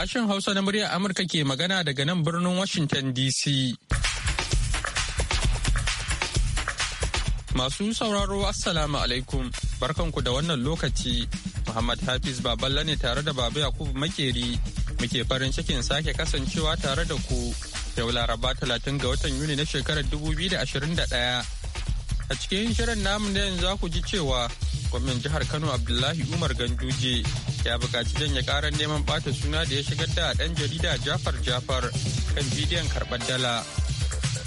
Sashen Hausa na muryar Amurka ke magana daga nan birnin Washington DC. Masu sauraro Assalamu alaikum barkanku da wannan lokaci Muhammad Hafiz Baballa ne tare da Baba Yakubu Makeri muke farin cikin sake kasancewa tare da ku yau Laraba 30 ga watan Yuni na shekarar 2021. A cikin shirin namun da yanzu za ku ji cewa gwamnan jihar Kano Abdullahi Umar Ganduje ya buƙaci janye ƙarar neman ɓata suna da ya shigar da ɗan jarida Jafar Jafar kan bidiyon karɓar dala.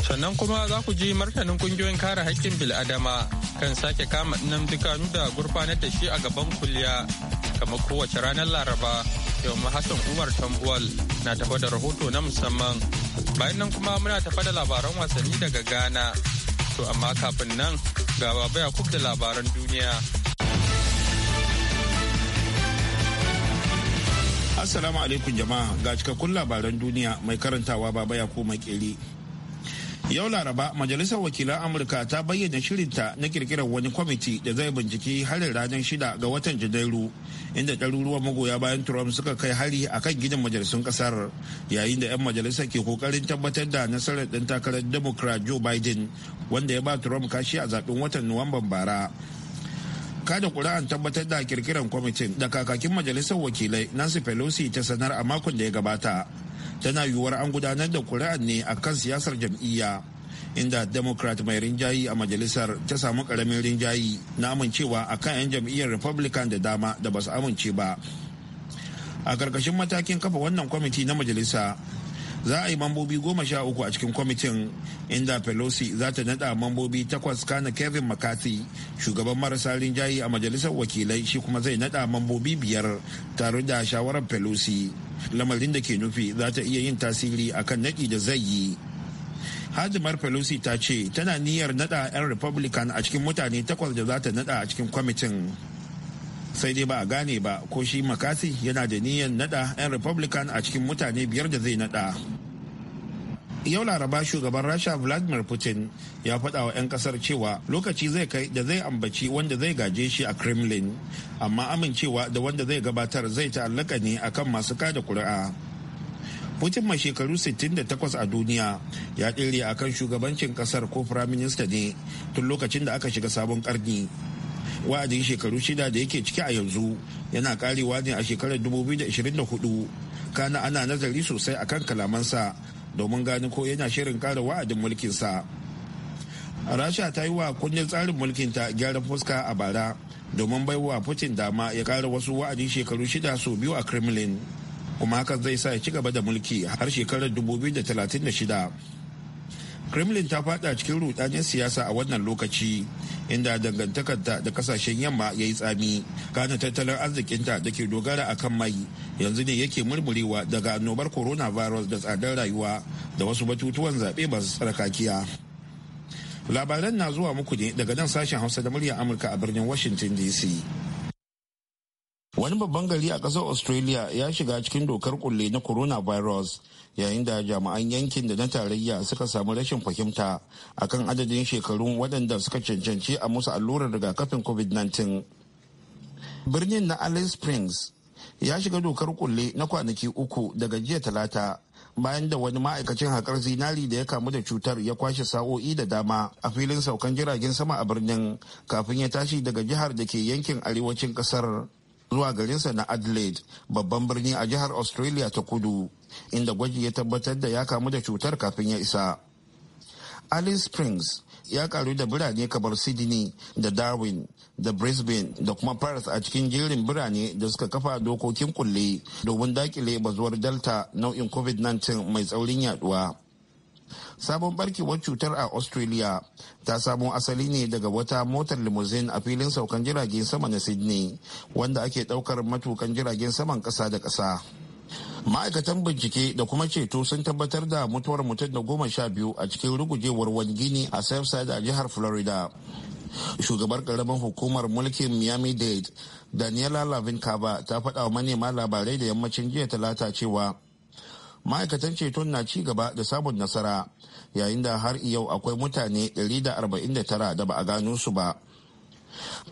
Sannan kuma za ku ji martanin ƙungiyoyin kare haƙƙin bil'adama kan sake kama ɗinan dukanu da gurfanar da shi a gaban kuliya kamar kowace ranar Laraba. Yau Hassan Umar Tambuwal na tafa da rahoto na musamman. Bayan nan kuma muna tafa da labaran wasanni daga Ghana. To amma kafin nan ga baba Yakub da labaran duniya. Assalamu alaikum jama'a ga cikakkun labaran duniya mai karantawa baba ko Makeri. Yau Laraba, Majalisar Wakilan Amurka ta bayyana shirinta na kirkirar wani kwamiti da zai binciki harin ranar shida ga watan Janairu, inda ɗaruruwan magoya bayan Trump suka kai hari a kan gidan majalisun ƙasar, yayin da 'yan majalisar ke kokarin tabbatar da nasarar ɗan takarar Democrat Joe Biden, wanda ya ba Trump kashi a zaɓen watan Nuwamban bara. kada kuri'an tabbatar da kirkiran kwamitin da kakakin majalisar wakilai nancy pelosi ta sanar a makon da ya gabata tana yiwuwar an gudanar da kuri'a ne a kan siyasar jam'iyya inda democrat mai rinjayi a majalisar ta samu karamin rinjayi na amincewa a kan 'yan jam'iyyar republican da dama da ba su amince ba a karkashin matakin kafa wannan kwamiti na majalisa za a yi mambobi goma sha uku a cikin kwamitin inda pelosi za ta nada mambobi takwas kana kevin mccarthy shugaban marasa rinjaye a majalisar wakilai shi kuma zai nada mambobi biyar tare da shawarar pelosi lamarin da ke nufi za ta iya yin tasiri akan naɗi da zai yi hajimar pelosi ta ce tana niyyar nada 'yan republican a cikin mutane takwas da za ta nada a cikin kwamitin sai dai ba a gane ba ko shi makasi yana da niyyar nada 'yan republican a cikin mutane biyar da zai nada yau laraba shugaban rasha vladimir putin ya faɗa wa 'yan kasar cewa lokaci zai kai da zai ambaci wanda zai gaje shi a kremlin amma amincewa da wanda zai gabatar zai ta'allaka ne akan masu kada kuri'a putin mai shekaru 68 a duniya ya a kan shugabancin kasar ko firaminista ne tun lokacin da aka shiga sabon karni wa'adin shekaru shida da yake ciki a yanzu yana karewa ne a shekarar 2024 kana ana nazari sosai akan kalamansa domin gani ko yana shirin kara wa'adin mulkinsa rasha ta yi wa kundin tsarin mulkinta gyaran fuska a bara domin baiwa putin dama ya kara wasu wa'adin shekaru shida sau biyu a kremlin kuma hakan zai sa ya ci gaba da mulki har shekarar 2036 kremlin ta fada cikin rudanin siyasa a wannan lokaci inda dangantakarta da kasashen yamma ya yi tsami gane tattalin arzikinta da ke dogara a kan mai yanzu ne yake murmurewa daga annobar coronavirus da tsadar rayuwa da wasu batutuwan zaɓe masu tsarkakiya labaran na zuwa muku ne daga nan sashen hausa da muryar amurka a birnin washington dc wani babban gari a ƙasar australia ya shiga cikin dokar kulle na coronavirus yayin da jami'an yankin da na tarayya suka samu rashin fahimta akan adadin shekarun waɗanda suka cancanci a musu allurar rigakafin covid-19 birnin na alice springs ya shiga dokar kulle na kwanaki uku daga jiya talata bayan da wani ma'aikacin haƙar zinari da ya kamu da cutar ya kwashe sa'o'i da dama a filin saukan jiragen sama a birnin kafin ya tashi daga jihar da ke yankin arewacin ƙasar zuwa garinsa na adelaide babban birni a jihar australia ta kudu inda gwaji ya tabbatar da ya kamu da cutar kafin ya isa alice springs ya karu da birane kamar sydney da darwin da brisbane da kuma paris a cikin jerin birane da suka kafa dokokin kulle domin dakile bazuwar delta nau'in covid-19 mai tsaurin yaduwa sabon barkewar cutar a australia ta samo asali ne daga wata motar limousine a filin saukan jiragen sama na sydney wanda ake daukar matukan jiragen saman kasa da kasa ma'aikatan bincike da kuma ceto sun tabbatar da mutuwar mutum da goma sha biyu a cikin rugujewar wani gini a Southside a jihar florida shugabar karamin hukumar mulkin miami dade daniela lavin kaba ta faɗa wa manema labarai da yammacin jiya talata cewa ma'aikatan ceto na ci gaba da samun nasara yayin da har yau akwai mutane 149 da ba a gano su ba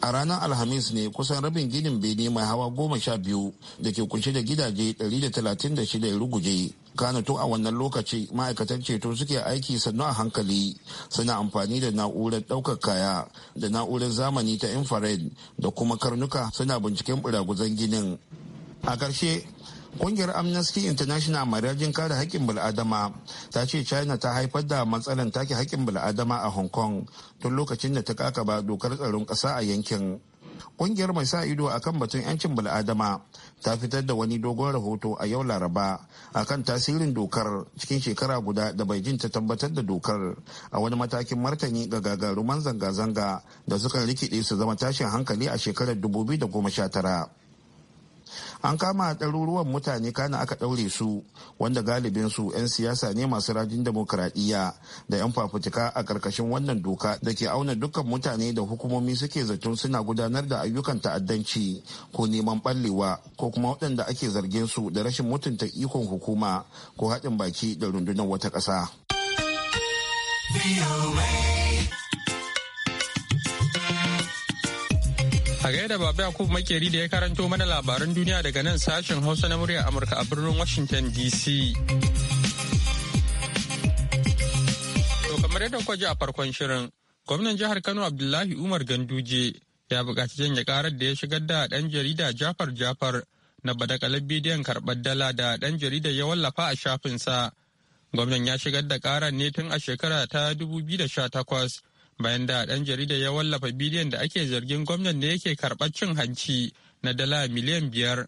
a ranar alhamis ne kusan rabin ginin bene mai hawa goma sha biyu da ke kunshe da gidaje 136 ya ruguje kana tun a wannan lokaci ma'aikatan ceto suke aiki sannu a hankali suna amfani da na'urar ɗaukar kaya da na'urar zamani ta infrared da kuma karnuka suna binciken buraguzan ginin a ƙarshe Kungiyar Amnesty International mai rajin kare haƙƙin bil'adama ta ce China ta haifar da matsalar take haƙƙin bil'adama a Hong Kong tun lokacin da ta kakaba dokar tsaron ƙasa a yankin. Kungiyar mai sa ido akan batun 'yancin bil'adama ta fitar da wani dogon rahoto a yau Laraba akan tasirin dokar cikin shekara guda da Beijing ta tabbatar da dokar a wani matakin martani ga gagaruman zanga-zanga da suka rikide su zama tashin hankali a shekarar 2019. an kama ɗaruruwan mutane kana aka ɗaure su wanda galibin su 'yan siyasa ne masu rajin demokuraɗiyya da 'yan fafutuka a ƙarƙashin wannan doka da ke auna dukkan mutane da hukumomi suke zaton suna gudanar da ayyukan ta'addanci ko neman ɓallewa ko kuma waɗanda ake zargin su da rashin mutunta ikon hukuma ko haɗin baki da rundunar wata ƙasa. A gaida Baba Yakub Makeri da ya karanto mana labaran duniya daga nan sashen Hausa na murya Amurka a birnin Washington DC. To kamar yadda kwaji a farkon shirin, gwamnan jihar Kano Abdullahi Umar Ganduje ya buƙaci janye karar da ya shigar da ɗan jarida Jafar Jafar na badakalar bidiyon karɓar dala da ɗan jaridar ya wallafa a shafinsa. Gwamnan ya shigar da karar ne tun a shekara ta 2018 bayan da ɗan jarida ya wallafa bidiyon da ake zargin gwamnan ne yake karɓar cin hanci na dala miliyan biyar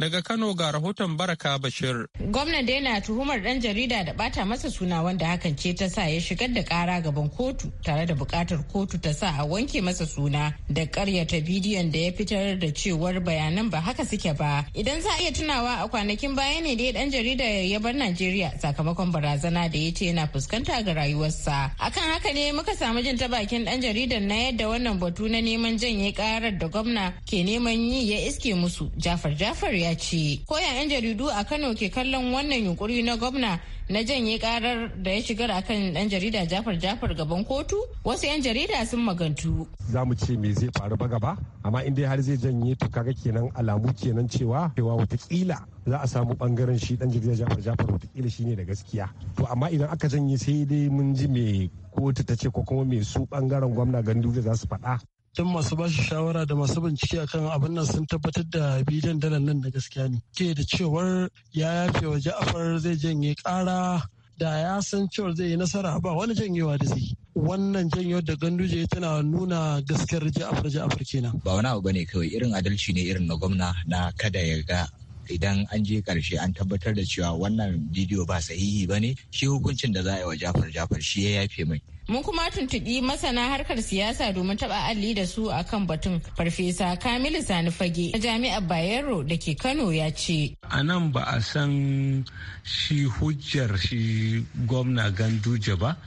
Daga Kano ga rahoton Baraka Bashir. Gwamnan da yana tuhumar ɗan jarida da ɓata masa suna wanda hakan ce ta sa ya shigar da ƙara gaban kotu tare da buƙatar kotu ta sa a wanke masa suna da ƙaryata bidiyon da ya fitar da cewar bayanan ba haka suke ba. Idan za a iya tunawa a kwanakin baya ne da ɗan jarida ya bar Najeriya sakamakon barazana da ya ce yana fuskanta ga rayuwarsa. Akan haka ne muka samu jin ta bakin ɗan jaridan na yadda wannan batu na neman janye ƙarar da gwamna ke neman yi ya iske musu. Jafar Jafar ya ya ce 'yan jaridu a kano ke kallon wannan yunkuri na gwamna na janye karar da ya shigar akan dan jarida jafar jafar gaban kotu wasu 'yan jarida sun magantu za mu ce me zai faru ba gaba amma in har zai janye to kaga kenan alamu kenan cewa cewa watakila za a samu bangaren shi dan jarida jafar jafar watakila shine da gaskiya to amma idan aka janye sai dai mun ji me kotu ta ce ko kuma me su bangaren gwamna gandu za su faɗa don masu ba shi shawara da masu bincike akan abin nan sun tabbatar da bidiyon dalar nan da gaskiya ne ke da cewar ya yafe wa ja'afar zai janye ƙara da ya san cewar zai yi nasara ba wani janyewa da zai wannan janyewar da ganduje tana nuna gaskiyar ja'afar ja'afar kenan ba wani abu bane kawai irin adalci ne irin na gwamna na kada ya ga idan an je karshe an tabbatar da cewa wannan bidiyo ba sahihi ba ne shi hukuncin da za a yi wa jafar jafar shi ya yafe mai Mun kuma tuntuɓi masana harkar siyasa domin taɓa alli da su a kan batun. Farfesa Kamilu Sani Fage na Jami'ar Bayero da ke Kano ya ce. A nan ba a san shi hujjar shi gwamna Ganduje ba,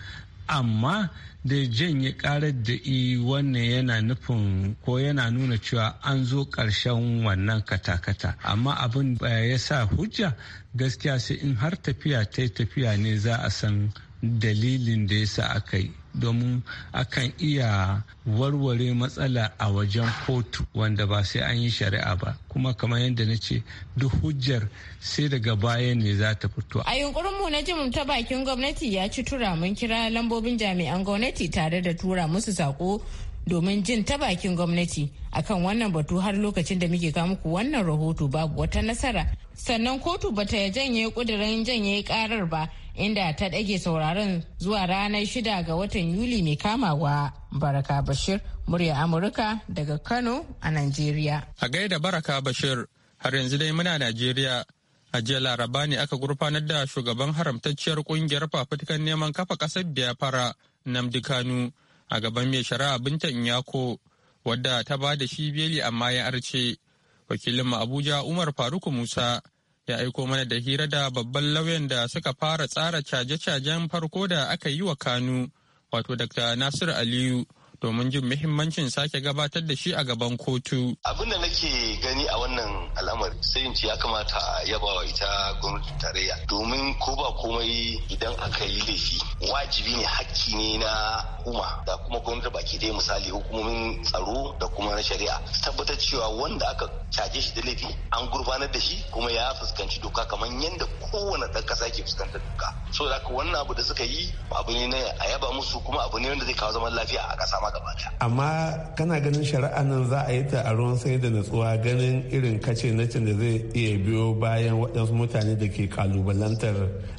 amma da janye karar da i wannan yana nufin ko yana nuna cewa an zo ƙarshen wannan katakata amma abin ya sa hujja gaskiya sai in har tafiya ta tafiya ne za a san dalilin da ya sa aka yi domin akan iya warware matsala a wajen kotu wanda ba sai an yi shari'a ba kuma kamar yadda na ce duk hujjar sai daga baya ne za ta fito. a yunkurin mu na jim ta bakin gwamnati ya ci tura mun kira lambobin jami'an gwamnati tare da tura musu sako domin jin ta bakin gwamnati akan wannan batu har lokacin da muke kawo muku wannan rahoto babu wata nasara sannan kotu bata janye kudirin janye karar ba inda ta ɗage sauraron zuwa ranar shida ga watan yuli mai kamawa baraka bashir murya amurka daga kano a nigeria. a gaida baraka bashir har yanzu dai muna najeriya a jiya laraba ne aka gurfanar da shugaban haramtacciyar kungiyar fafutukan neman kafa ƙasar biafra namdi kanu a gaban mai shari'a binta Inyako wadda ta ba da shi beli amma ya arce. Wakilinmu Abuja Umar Faruku Musa ya aiko mana da hira da babban lauyan da suka fara tsara caje-cajen farko da aka yi wa Kanu wato Dr. Nasir Aliyu domin jin muhimmancin sake gabatar da shi a gaban kotu. Abin da nake gani a wannan al'amari sai in ce ya kamata a yaba wa ita gwamnatin tarayya domin ko ba komai idan aka yi laifi wajibi ne hakki ne na hukuma da kuma gwamnati baki dai misali hukumomin tsaro da kuma na shari'a tabbatar cewa wanda aka caje shi da laifi an gurbanar da shi kuma ya fuskanci doka kamar yadda kowane ɗan ƙasa ke fuskantar doka. So da wannan abu da suka yi abu ne na a yaba musu kuma abu ne wanda zai kawo zaman lafiya a ƙasa ma gaba daya amma kana ganin shari'a nan za a yi ta a ruwan sai da natsuwa ganin irin kace na cin da zai iya biyo bayan waɗansu mutane da ke kalubalantar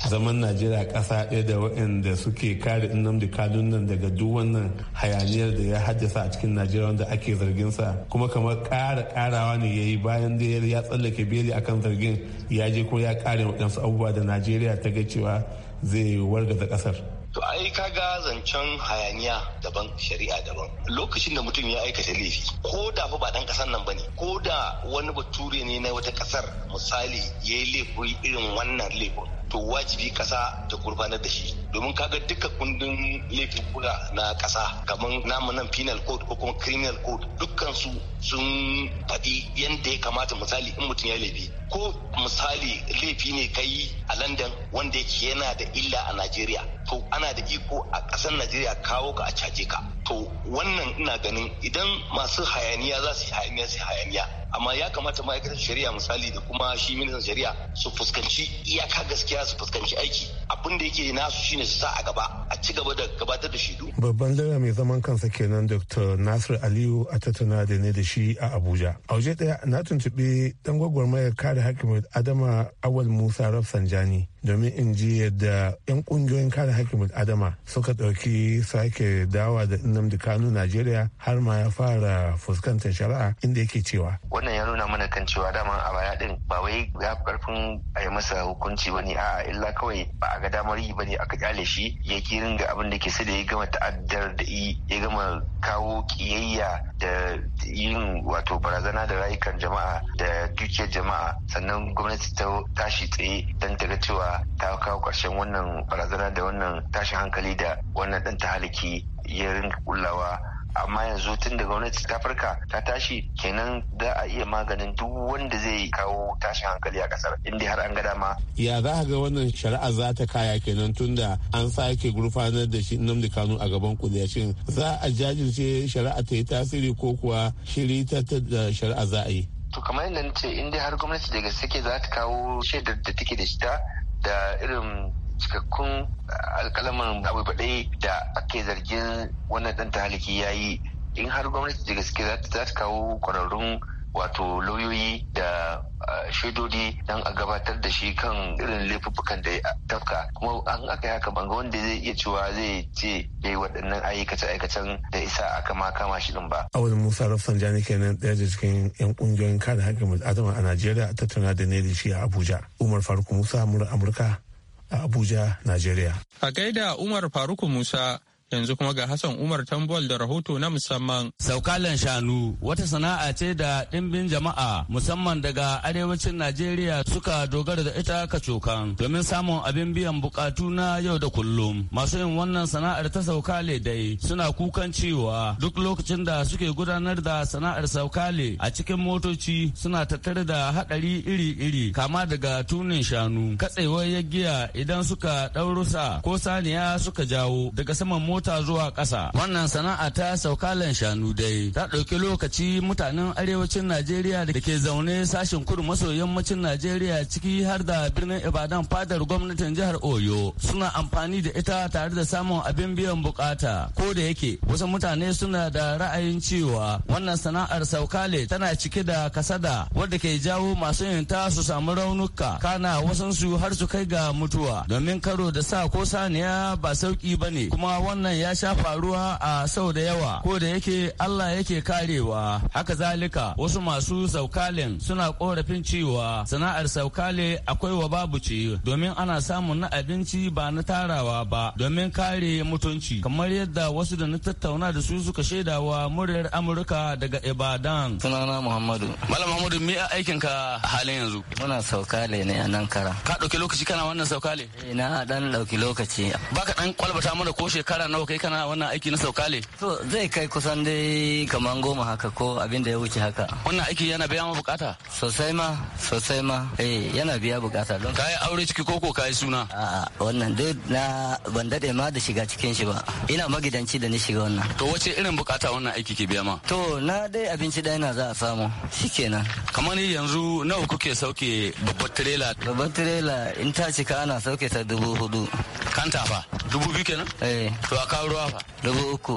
zaman najeriya ƙasa ɗaya da waɗanda suke kare nnamdi kadun nan daga duk wannan hayaniyar da ya haddasa a cikin najeriya wanda ake zargin sa kuma kamar ƙara ƙarawa ne yayi bayan da ya tsallake beli akan zargin ya je ko ya kare waɗansu abubuwa da najeriya ta ga cewa zai wargaza ƙasar to ai ka ga zancen hayaniya daban shari'a daban lokacin da mutum ya aikata laifi ko da fa ba dan kasar nan bane ko da wani bature ne na wata kasar misali ya yi laifi irin wannan laifin to wajibi kasa ta gurfanar da shi domin kaga duka kundin laifin kula na kasa kamar namu nan penal code ko kuma criminal code dukkan su sun faɗi yadda ya kamata misali in mutum ya laifi ko misali laifi ne kai a Landan wanda yake yana da illa a najeriya to ana da iko a ƙasar najeriya kawo ka a caje ka to wannan ina ganin idan masu hayaniya za su yi hayaniya su yi hayaniya amma ya kamata ma'aikatar shari'a misali da kuma shi ministan shari'a su fuskanci iyaka gaskiya su fuskanci aiki abin da yake nasu shine su sa a gaba a ci gaba da gabatar da shaidu babban lauya mai zaman kansa kenan dr nasir aliyu a tattauna da ne da shi a abuja a waje daya na tuntuɓi dan gwagwarmayar kare hakimin adama awal musa rafsanjani domin in ji yadda 'yan kungiyoyin kare hakimin adama suka ɗauki sake dawa da nnamdi kanu najeriya har ma ya fara fuskantar shari'a inda yake cewa wannan ya nuna mana kan cewa daman a baya din ba wai ya karfin a yi masa hukunci ba ne a'a illa kawai ba a ga damar yi ba ne aka kyale shi ya ki ringa abin da ke sai da ya gama ta'addar da ya gama kawo kiyayya da yin wato barazana da rayukan jama'a da dukiyar jama'a sannan gwamnati ta tashi tsaye don ta ga cewa ta kawo karshen wannan barazana da wannan tashin hankali da wannan ɗan ta ya ringa kullawa amma yanzu tun da gwamnati ta farka ta tashi kenan za a iya maganin duk wanda zai kawo tashin hankali a kasar inda har an gada ma. ya za a ga wannan shari'a za ta kaya kenan tun da an sake gurfanar da shi Nnamdi Kanu a gaban kuliya za a jajirce shari'a ta yi tasiri ko kuwa shiri ta da shari'a za a yi to kamar yadda nace in dai har gwamnati daga sake za ta kawo shaidar da take da shi da irin cikakkun alkalaman abu baɗai da ake zargin wannan ɗan tahaliki ya yi in har gwamnati da gaske za ta kawo kwararrun wato lauyoyi da shaidodi don a gabatar da shi kan irin laifuffukan da ya tafka kuma an aka yi haka banga wanda zai iya cewa zai ce ya yi waɗannan aikace-aikacen da isa aka ma kama shi din ba. wani Musa jani kenan ɗaya da cikin 'yan ƙungiyoyin kare haƙƙin adama a Najeriya tattauna da ne da shi a Abuja. Umar Faruk Musa Amurka a Abuja, Najeriya. A gaida Umar Faruku Musa Yanzu kuma ga Hassan Umar Tambol da rahoto na musamman. Saukalan shanu wata sana'a ce da ɗimbin jama'a musamman daga arewacin Najeriya suka dogara da ita kacokan domin samun abin biyan bukatu na yau da kullum. Masu yin wannan sana'ar ta saukale dai suna kukan cewa duk lokacin da suke gudanar da sana'ar saukale a cikin motoci suna tattare da haɗari iri-iri kama daga tunin shanu katsewar giya idan suka ɗaurusa ko saniya suka jawo daga saman mota mota zuwa ƙasa. Wannan sana'a ta saukalan shanu dai ta ɗauki lokaci mutanen arewacin Najeriya da ke zaune sashen kudu maso yammacin Najeriya ciki har da birnin Ibadan fadar gwamnatin jihar Oyo suna amfani da ita tare da samun abin biyan bukata. Ko da yake wasu mutane suna da ra'ayin cewa wannan sana'ar saukale tana cike da kasada wadda ke jawo masu yin ta su samu raunuka kana wasansu har su kai ga mutuwa domin karo da sa ko saniya ba sauki bane kuma wannan wannan ya sha faruwa a sau da yawa ko da yake Allah yake karewa haka zalika wasu masu saukalin suna korafin cewa sana'ar saukale akwai wa babu ce domin ana samun na abinci ba na tarawa ba domin kare mutunci kamar yadda wasu da na tattauna da su suka shaidawa muryar Amurka daga Ibadan sunana Muhammadu Malam Muhammadu me aikin ka halin yanzu muna saukale ne a nan kara ka dauki lokaci kana wannan saukale eh na dan dauki lokaci baka dan kwalbata mana ko shekara nawa kai kana wannan aiki na saukale to zai kai kusan dai kaman goma haka ko abin da ya wuce haka wannan aiki yana biya ma bukata sosai ma sosai ma eh yana biya bukata don kai aure ciki koko kai suna a'a wannan dai na ban dade ma da shiga cikin shi ba ina magidanci da ni shiga wannan to wace irin bukata wannan aiki ke biya ma to na dai abinci da ina za a samu shikenan kamar yanzu nawa kuke sauke babbar trailer babbar trailer in ta cika ana sauke ta dubu hudu kanta fa dubu biyu kenan eh to a kawo ruwa fa dubu uku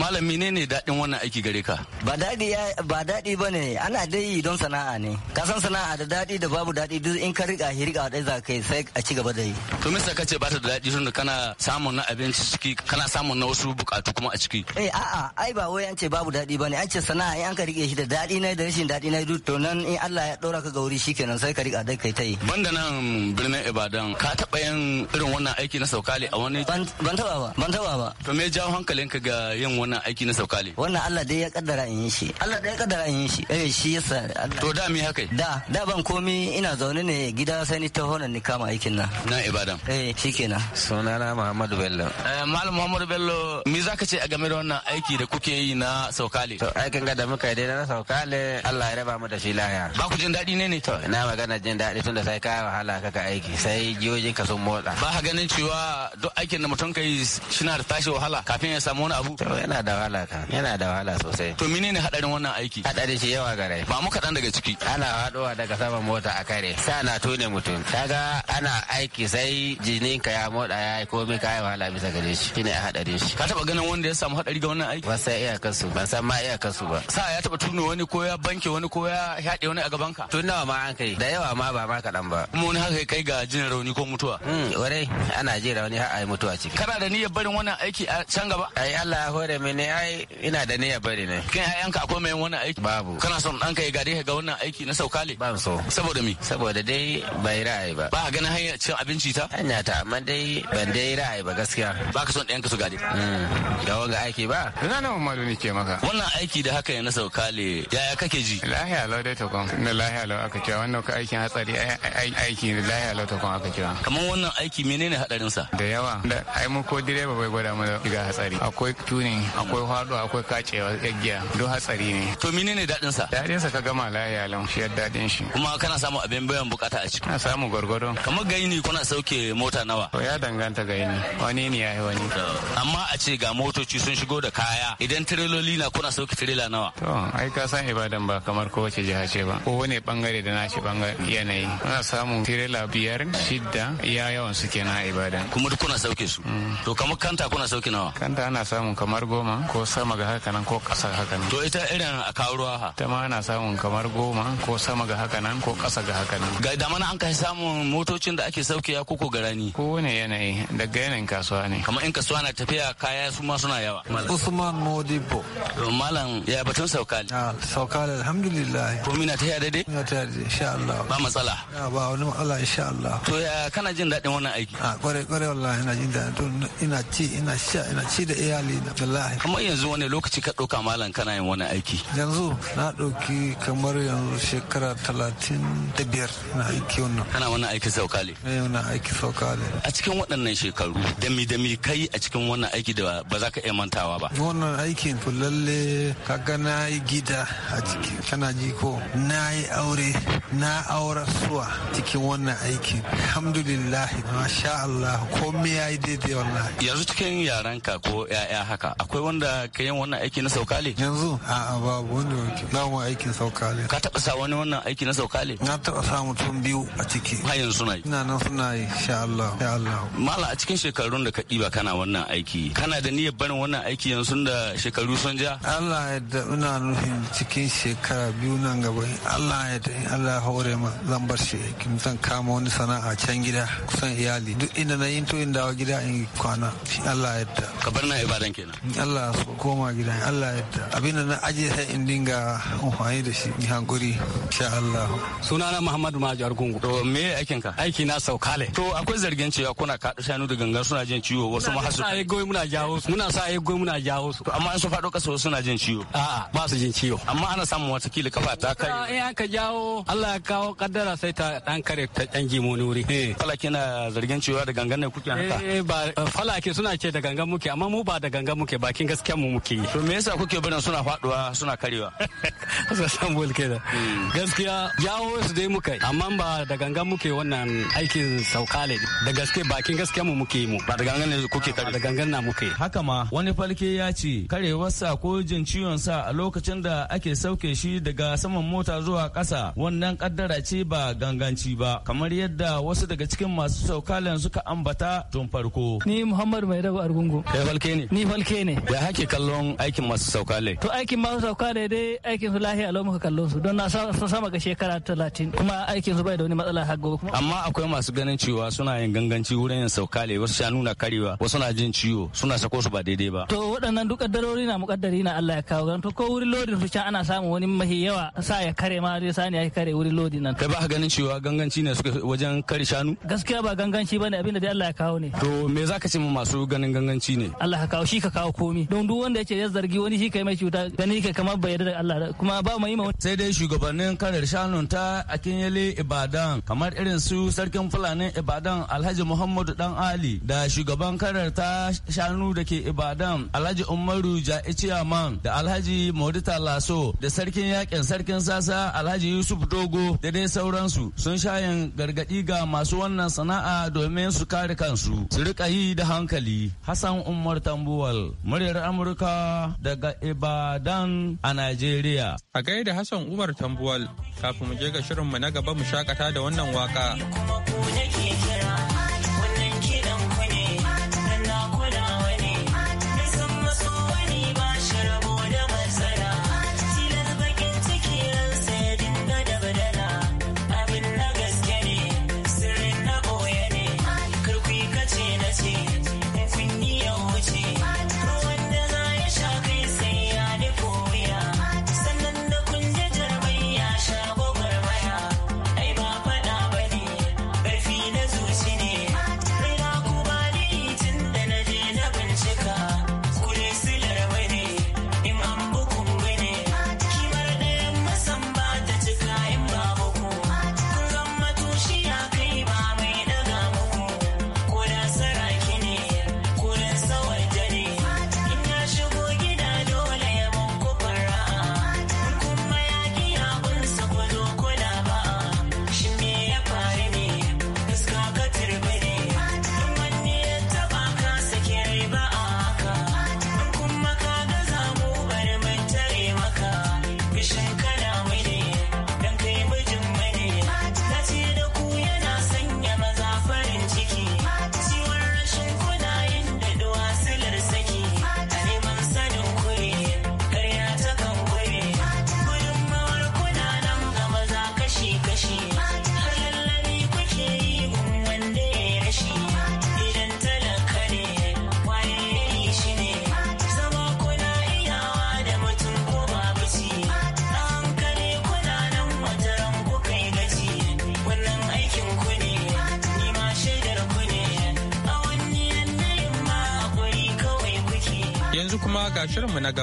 malam menene daɗin wannan aiki gare ka ba daɗi ba daɗi bane ana dai yi don sana'a ne ka san sana'a da daɗi da babu daɗi duk in ka riƙa hi riƙa ɗaya za sai a ci gaba da yi to mista ka ce ba ta da daɗi tunda kana samun na abinci ciki kana samun na wasu bukatu kuma a ciki eh a'a ai ba wai an ce babu daɗi bane an ce sana'a in an ka riƙe shi da daɗi na da rashin daɗi na duk to nan in Allah ya ɗora ka wuri shikenan sai ka riƙa dai kai ta yi banda nan birnin Ibadan ka taɓa yin irin wannan aiki na saukali a wani ban taɓa ba ban taɓa ba to me jawo hankalinka ga yin wannan aiki na saukale wannan Allah dai ya kaddara in yi shi Allah dai ya kaddara in yi shi eh shi yasa to da mi haka da da ban komi ina zaune ne gida sai ni taho ni kama aikin nan na ibadan eh shikenan na Muhammadu Bello eh malam Muhammadu Bello me zaka ce a game da wannan aiki da kuke yi na saukale to aikin ga da muka yi dai na saukale Allah ya raba mu da shi lahiya ba ku jin daɗi ne ne to Na magana jin daɗi tunda sai ka wahala kaka aiki sai jiyoyin ka sun motsa ba ha ganin cewa duk aikin da mutum kai shi na da tashi wahala kafin ya samu wani abu? To yana da wahala kan yana da wahala sosai. To ne hadarin wannan aiki? hadari shi yawa gare. Ba mu kaɗan daga ciki. Ana haɗuwa daga saman mota a kare. Sa na tone mutum. Kaga ana aiki sai ka ya moɗa ya yi komai ka yi wahala bisa gare shi. ne a hadarin shi. Ka taɓa ganin wanda ya samu hadari ga wannan aiki? Ba iya kasu ban san ma kasu ba. Sa ya taɓa tuno wani ko ya banke wani ko ya haɗe wani a gaban ka. Tun nawa ma an kai da yawa ma ba ma kaɗan ba. Kuma wani haka kai ga jin rauni ko mutuwa. Hmm, warai ana jin rauni har a yi mutuwa ciki. Kana da niyyar barin wannan aiki a can gaba? ai Allah ya hore mini ai ina da niyya bari ne kin ƴaƴanka akwai mai wannan aiki babu kana son ɗanka ya gare ka ga wannan aiki na saukale ba so saboda me saboda dai bai ra'ayi ba ba ganin hanyar cin abinci ta hanya ta amma dai ban dai ra'ayi ba gaskiya ba ka son ɗayanka su gade mm. ga wanga aiki ba ina nan malu ne ke maka wannan aiki da haka ya na saukale yaya kake ji lahiya lau dai ta kwan na lahiya lau aka cewa wannan aikin hatsari aiki lahiya lau ta kwan aka cewa kamar wannan aiki menene hadarin sa da yawa ai mu ko direba bai gwada mu ga hatsari akwai tunin akwai hado akwai kacewa yaggiya don hatsari ne to menene dadin sa dadin sa ka gama lafiya lam shi yadda dadin shi kuma kana samu abin bayan bukata a ciki kana samu gwargwado kamar gaini kuna sauke mota nawa to ya danganta gaini wani ne yayi wani amma a ce ga motoci sun shigo da kaya idan tireloli na kuna sauke tirela nawa to ai ka san ibadan ba kamar ko wace jiha ce ba ko wani bangare da nashi bangare yanayi ana samun tirela biyar shidda iya yawan su kenan a ibadan kuma duk kuna sauke su mm. to kamar kanta kuna sauke nawa ta ana samun kamar goma ko sama ga haka nan ko ƙasa haka nan. To ita irin a karuwa ha? Ta ma ana samun kamar goma ko sama ga haka nan ko ƙasa ga haka nan. Ga da mana an kai samun motocin da ake saukewa ko ko garani. Ko Kowane yanayi daga yanayin kasuwa ne. Kamar in kasuwa na tafiya kaya su ma suna yawa. Usman Modibo. Malam ya batun saukali. Ah, saukali alhamdulillah. Ko mina ta yada dai? Mina ta yada insha Allah. Ba matsala. Ba wani matsala insha Allah. To ya kana jin daɗin wannan aiki? A ah, kwarai kware wallahi ina jin daɗin ina ci ina sha ina ci da iyali na wallahi kamar yanzu wani lokaci ka ɗauka malam kana yin wani aiki yanzu na ɗauki kamar yanzu shekara talatin da biyar na aiki wannan kana wani aiki saukale eh, ne wani aiki saukale a cikin waɗannan shekaru dami dami kai a cikin wannan aiki da ba za ka iya mantawa ba wannan aikin to lalle ga na yi gida a ciki kana ji ko na yi aure na aura suwa cikin wannan aiki alhamdulillah masha Allah komai ya yi daidai wannan yanzu cikin yaran ka ko ko ya'ya haka akwai wanda ka yin wannan aiki na saukale yanzu a'a babu wanda na mu aikin saukale ka taba sa wani wannan aiki na saukale na taba sa mutum biyu a ciki har yanzu suna yi ina nan suna yi insha Allah sha Allah mala a cikin shekarun da ka diba kana wannan aiki kana da niyyar barin wannan aiki yanzu da shekaru sun ja Allah ya da ina nufin cikin shekara biyu nan gaba Allah ya da Allah hore ma zan bar shi kin san kama wani sana'a can gida kusan iyali duk inda na yin to in dawo gida in kwana Allah ya da na ibadan kenan Allah su koma gida Allah yadda abinda na aje sai in dinga amfani da shi ni hankuri insha Allah sunana Muhammadu Majar Gungu to me aikin ka aiki na saukale to akwai zargin cewa kuna kaɗa shanu da gangan suna jin ciwo wasu ma hasu sai goyi muna jawo su muna sa ai goyi muna jawo su to amma an sun fado kaso suna jin ciwo a'a ba su jin ciwo amma ana samun wata kila kafa ta kare in aka jawo Allah ya kawo kaddara sai ta dan kare ta dan gimo nuri eh fala kina zargin cewa da gangan ne kuke haka eh ba fala ke suna ce da gangan muke amma mu ba da ganga muke bakin gaskiya mu muke yi to me yasa kuke barin suna faduwa suna karewa suka samu bulke da gaskiya jawo su dai muka amma ba da ganga muke wannan aikin saukale da gaske bakin gaskiya mu muke yi mu ba da gangan ne kuke kare da gangan na muke haka ma wani falke ya ce karewar sa ko jin ciwon sa a lokacin da ake sauke shi daga saman mota zuwa ƙasa wannan kaddara ce ba ganganci ba kamar yadda wasu daga cikin masu saukalen suka ambata tun farko ni muhammad mai raba argungu kai falke falke ne ni falke ne ya hake kallon aikin masu sauka ne. to aikin masu sauka ne dai aikin su lahiya lau muka kallon su don na sun sama ga shekara talatin kuma aikin su bai da wani matsala har gobe amma akwai masu ganin cewa suna yin ganganci wurin yin sauka ne wasu shanu na karewa wasu na jin ciwo suna sako su ba daidai ba to waɗannan duk kaddarori na mukaddari na Allah ya kawo gan to ko wurin lodin su can ana samun wani mahi yawa sa ya kare ma dai sani ya kare wurin lodin nan kai ba ganin cewa ganganci ne suka wajen kare shanu gaskiya ba ganganci bane abinda dai Allah ya kawo ne to me zaka ce mu masu ganin ganganci ne Allah Allah ka kawo shi ka kawo komi don duk wanda yace ya zargi wani shi kai mai cuta gani kai kamar bai yarda da Allah kuma ba mu yi ma sai dai shugabannin kanar shanun ta Akinyele Ibadan kamar irin su sarkin Fulani Ibadan Alhaji Muhammadu Dan Ali da shugaban kanar ta shanu da ke Ibadan Alhaji Umaru Ja'ichiyaman da Alhaji Maudita Laso da sarkin yakin sarkin sasa Alhaji Yusuf Dogo da dai sauransu sun shayin gargadi ga masu wannan sana'a domin su kare kansu su rika yi da hankali Hassan Umar Tambuwal, muryar Amurka daga Ibadan a Najeriya. A da Hassan Umar Tambuwal, kafin mu je ga shirinmu na gaba mu shakata da wannan waka.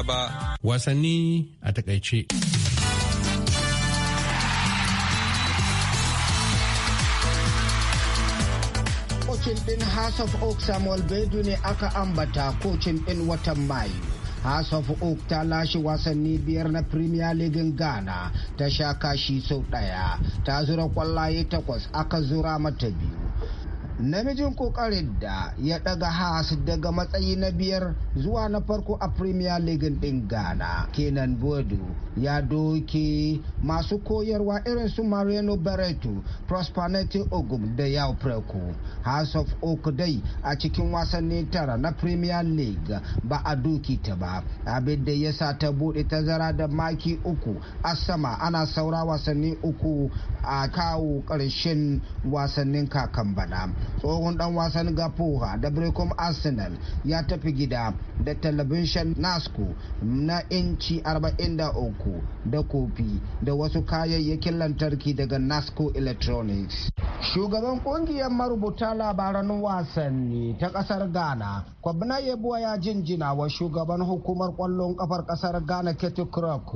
gaba. Wasanni a takaice. Kocin ɗin House of Oak Samuel Bedu ne aka ambata kocin ɗin watan Mayu. House of Oak ta lashe wasanni biyar na Premier League Ghana ta sha kashi sau ɗaya, ta zura kwallaye takwas aka zura mata biyu. namijin kokarin da ya ɗaga has daga matsayi na biyar zuwa na farko a premier league din ghana kenan bodu ya doke masu koyarwa irin su mariano barreto prosperity ogun da yau preku house of oak dai a cikin wasanni tara na premier league ba a doki ta ba abin da ya sa ta bude tazara da maki uku a sama ana saura wasanni uku a kawo ƙarshen wasannin kakan bana tsohon dan wasan gapoha da brecom arsenal ya tafi gida da talabishin nasco na inci 43 da kofi da wasu kayayyakin lantarki daga nasco electronics shugaban kungiyar marubuta labaran wasanni ta kasar ghana kwabna yabuwa ya jinjina wa shugaban hukumar kwallon kafar kasar ghana crook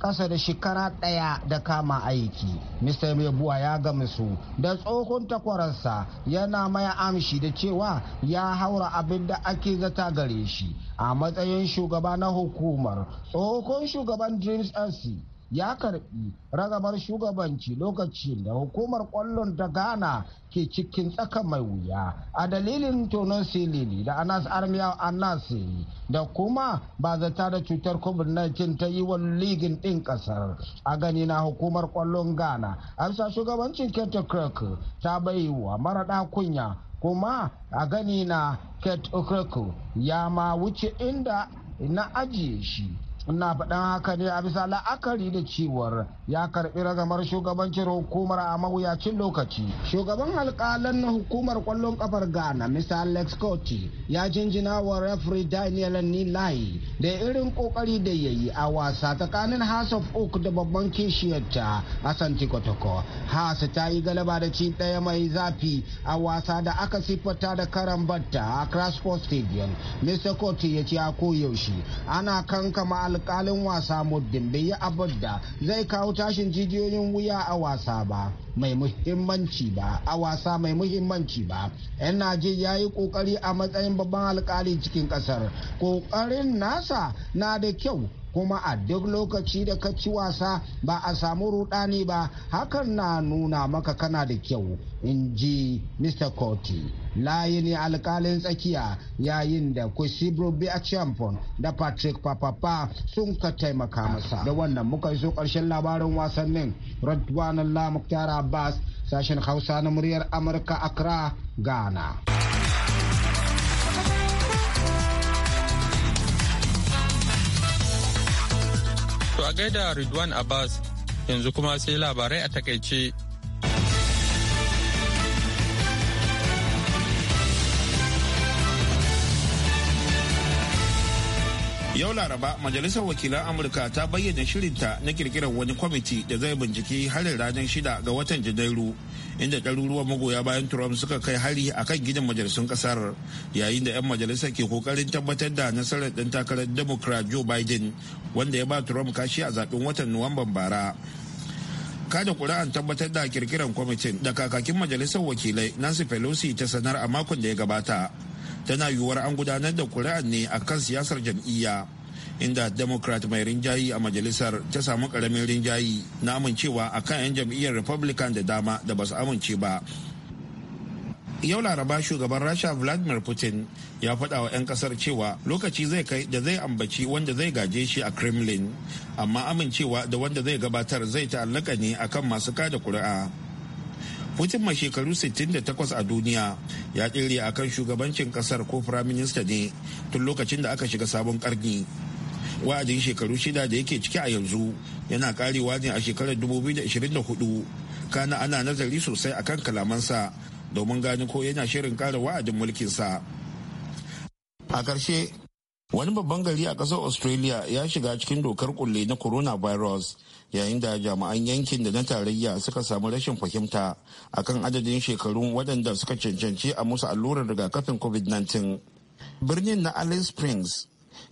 kasa da shekara ɗaya da kama aiki. Mr. Mebuwa ya gamsu da tsohon takwararsa yana mai amshi da cewa ya haura abin da ake zata gare shi a matsayin shugaba na hukumar tsohon shugaban Dreams rc. ya karbi ragamar shugabanci lokacin da hukumar kwallon ta ghana ke cikin tsaka mai wuya a dalilin tonon silili da anas armiya anas da kuma ba zata da cutar covid-19 ta yi wa ligin din kasar a gani na hukumar kwallon ghana amsa shugabancin kenta kirk ta wa marada kunya kuma a gani na kirk ya ma wuce inda na ajiye shi Ina faɗan haka ne a bisa la'akari da cewar ya karɓi ragamar shugabancin hukumar a mawuyacin lokaci. Shugaban alƙalan na hukumar ƙwallon ƙafar Ghana, Mr. Alex Cotti, ya jinjina wa referee Daniel Nilai da irin ƙoƙari da ya yi a wasa tsakanin House of Oak da babban kishiyarta Asante Kotoko. House ta yi galaba da ci ɗaya mai zafi a wasa da aka siffata da karan batta a Crash Stadium. Mr. Cotti ya ce a koyaushe ana kankama al alƙalin wasa muddin bai yi abin zai kawo tashin jijiyoyin wuya a wasa ba mai muhimmanci ba a wasa mai muhimmanci ba yan najeriya ya yi kokari a matsayin babban alkali cikin ƙasar ƙoƙarin nasa na da kyau kuma a duk lokaci da ka ci wasa ba a samu rudani ba hakan na nuna maka kana da kyau in ji mr Coti. layi ne alkalin tsakiya yayin da kusibro a champion da patrick papapa sun ka taimaka masa da wannan muka so karshen labarin wasannin radwanan lamuktar abbas sashen hausa na muryar amurka accra ghana To a gaida Ridwan Abbas yanzu kuma sai labarai a takaice. Yau Laraba Majalisar Wakilan Amurka ta bayyana shirinta na kirkirar wani kwamiti da zai binciki harin ranar shida ga watan Janairu inda ɗaruruwan magoya bayan trump suka kai hari a kan gidan majalisun ƙasar yayin da 'yan majalisa ke kokarin tabbatar da nasarar ɗan takarar democrat joe biden wanda ya ba trump kashi a zaɓen watan nuwamban bara kada kuri'an tabbatar da kirkiran kwamitin da kakakin majalisar wakilai nancy pelosi ta sanar a makon da ya gabata tana yiwuwar an gudanar da kuri'an ne a kan siyasar jam'iyya inda democrat mai rinjayi a majalisar ta samu karamin rinjayi na amincewa a kan 'yan jam'iyyar republican da dama da ba su amince ba yau laraba shugaban rasha vladimir putin ya faɗa wa 'yan kasar cewa lokaci zai kai da zai ambaci wanda zai gaje shi a kremlin amma amincewa da wanda zai gabatar zai ta'allaka ne akan masu kada kuri'a putin mai shekaru 68 a duniya ya tsere akan shugabancin kasar ko firaminista ne tun lokacin da aka shiga sabon karni wa'adin shekaru shida da yake ciki a yanzu yana karewa ne a shekarar 2024 kana ana nazari sosai akan kalamansa domin gani ko yana shirin kare wa'adin mulkinsa a ƙarshe wani babban gari a ƙasar australia ya shiga cikin dokar kulle na coronavirus yayin da jami'an yankin da na tarayya suka samu rashin fahimta akan adadin shekarun waɗanda suka cancanci a musu allurar rigakafin covid-19 birnin na alice springs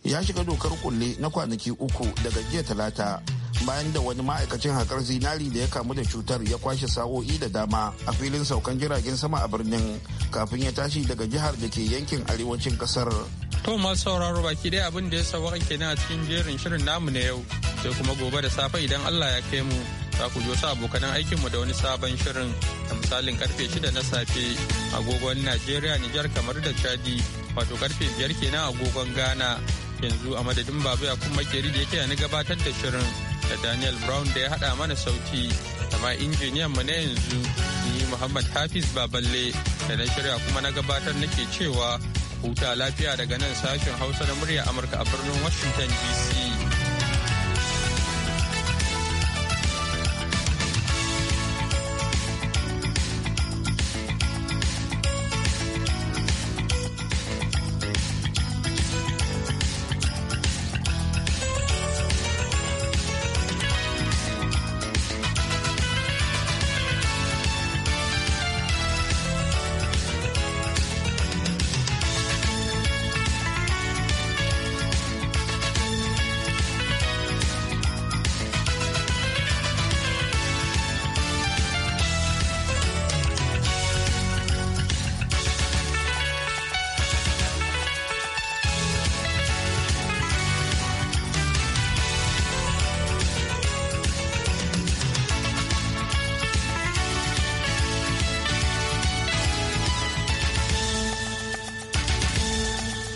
ya shiga dokar kulle na kwanaki uku daga jiya talata bayan da wani ma'aikacin haƙar zinari da ya kamu da cutar ya kwashe sa'o'i da dama a filin saukan jiragen sama a birnin kafin ya tashi daga jihar da ke yankin arewacin ƙasar. To masu sauraro baki dai abin da ya sauwa kenan a cikin jerin shirin namu na yau sai kuma gobe da safe idan Allah ya kai mu za ku wasu abokanan aikinmu da wani sabon shirin a misalin karfe shida na safe agogon Najeriya Nijar kamar da Chadi wato karfe biyar kenan agogon Ghana yanzu a madadin babu ya kuma makeri da yake yana gabatar da shirin da Daniel Brown da ya haɗa mana sauti da injiniyan mu na yanzu ni Muhammad Hafiz Baballe da na shirya kuma na gabatar nake cewa huta lafiya daga nan sashen Hausa na murya Amurka a birnin Washington DC.